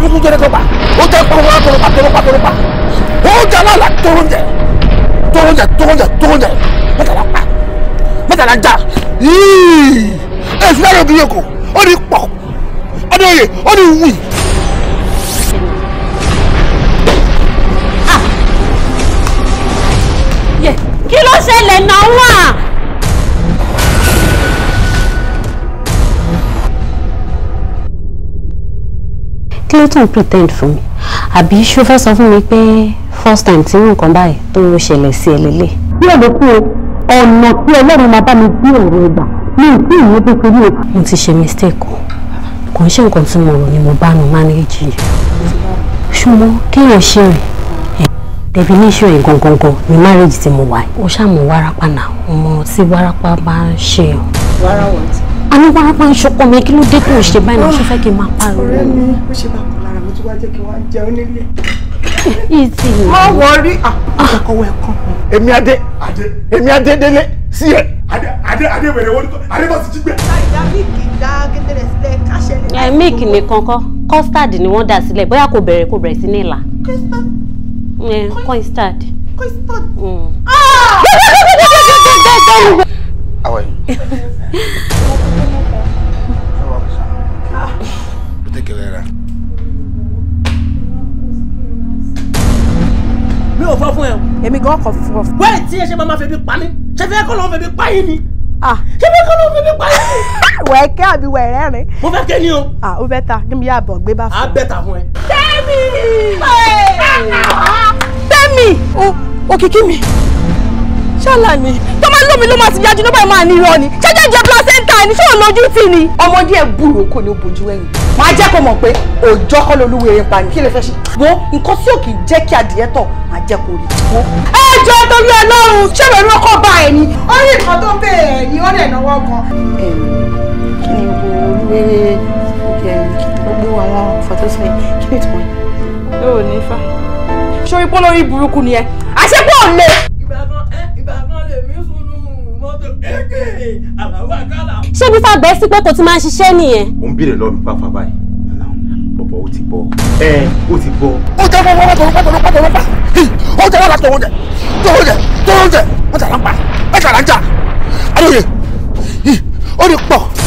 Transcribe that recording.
kàbùkù jẹrẹ tó pa ó jẹ kpọkọ toropa toropa toropa ó jẹ alála toro jẹ toro jẹ toro jẹ toro jẹ mẹtala pa mẹtala ja yìí ẹ sùgbọ́n àrùn kìí kò ó ní pọ̀ ó ní oyè ó ní wì. Ah. kí ló ṣẹlẹ̀ náà wà. clayton pretend fún mi àbí ṣó fẹ́ sọ fún mi pé first time tí nǹkan báyìí tó ṣẹlẹ̀ sí ẹ lélẹ̀. bí ọ̀dọ̀ kú o ọ̀nà tí ọlọ́run máa bá mi gbé ọ̀rọ̀ ìgbà ní ìpín ìwé kékeré o. mo ti ṣe mistake o kò ń ṣe nǹkan tí mo rò ni mo bá mi manage yìí ṣùgbọ́n kéèyàn ṣe rè definition yìí gangan ni marriage tí mo wà ó ṣàmù wárápá náà ọmọ tí wárápá bá ń ṣe. wàrà wọ̀ntì àní wá wá ń ṣọkọ mi kí ló dé tó ṣe báyìí náà ṣe fẹ́ kí n máa pariwo. ọ̀rẹ́ mi ó ṣe bá kọ lára mi tí wàá jẹ́ kí wàá jẹ onílé. ìtì mi. má wọrí àkọkọwọ ah, ẹ̀kan. èmi adé èmi adé délé sí ẹ. adé adé adé wẹrẹ wọlé adé bá ti jí gbẹ. ṣáìdá míìkì dá gẹ́gẹ́rẹ́ sílẹ̀ káṣẹ́ ní. ẹ míìkì nìkan kọ́ custard ni wọ́n dà sílẹ̀ bóyá kò bẹ̀rẹ̀ kò bẹ̀rẹ̀ sí ní ìlà. custard. custard. Mm. Ah! èmi gan kọ fún ọ. wẹ́ẹ̀ tí ẹ ṣe máa fi bí pa mí ṣe fẹ́ kọ́ lọ́n fi bí pa yín ni ah. ṣe fẹ́ kọ́ lọ́n fi bí pa yín ni. wẹ̀ẹ́kẹ́ àbí wẹ̀ẹ́rẹ́ rìn. mo fẹ́ kẹ́ ni o. à ah, ó bẹ́ ta kí mi yá bọ̀ gbé bá fún. a bẹ́ ta fún ẹ. tẹ́mi tẹ́mi òkìkí mi ṣálà ni tó máa lómi ló máa ti yájú ló bá máa ní irọ́ ni ṣẹ́jẹ́ jẹ́ placenta ni ṣé òlójú tì ni. ọmọdé ẹ búrò kò ní bojú ẹ̀yìn máa jẹ́ kó mọ̀ pé òòjọ́ kọ́ lolúwerè pa ni kí lè fẹ́ ṣe. wo nǹkan tí ò kì í jẹ́ kí adìyẹ tọ̀ jẹ́ kó rí i wọ́n. ẹ jọ torí ọlọ́run ṣé ìwé ló kọ́ bá ẹ ni. ó ní nǹkan tó bẹ̀rẹ̀ ni ó lè náwó kan. kí ni gbogbo olúwe gbogbo àwọn fọtọ́sí kí ni ìtumọ̀ yìí. ó ní fa. sori pọ́ lórí burúkú ni ẹ àṣepọ̀ le. ṣé bí fagbẹ́ sí pé kò ti máa ṣiṣẹ́ nìyẹn. mo ń bèrè lọ́ọ́ mi pàápàá ti bọ ẹ ó ti bọ. ó jẹ́ wọ́n wọ́n tọrọ pátọ́rọ́ pátọ́rọ́ pa ó jẹ́ wọ́n tọrọ jẹ tọrọ jẹ tọrọ jẹ wọ́n jà láǹpa wọ́n jà láǹjà ó ní pọ̀.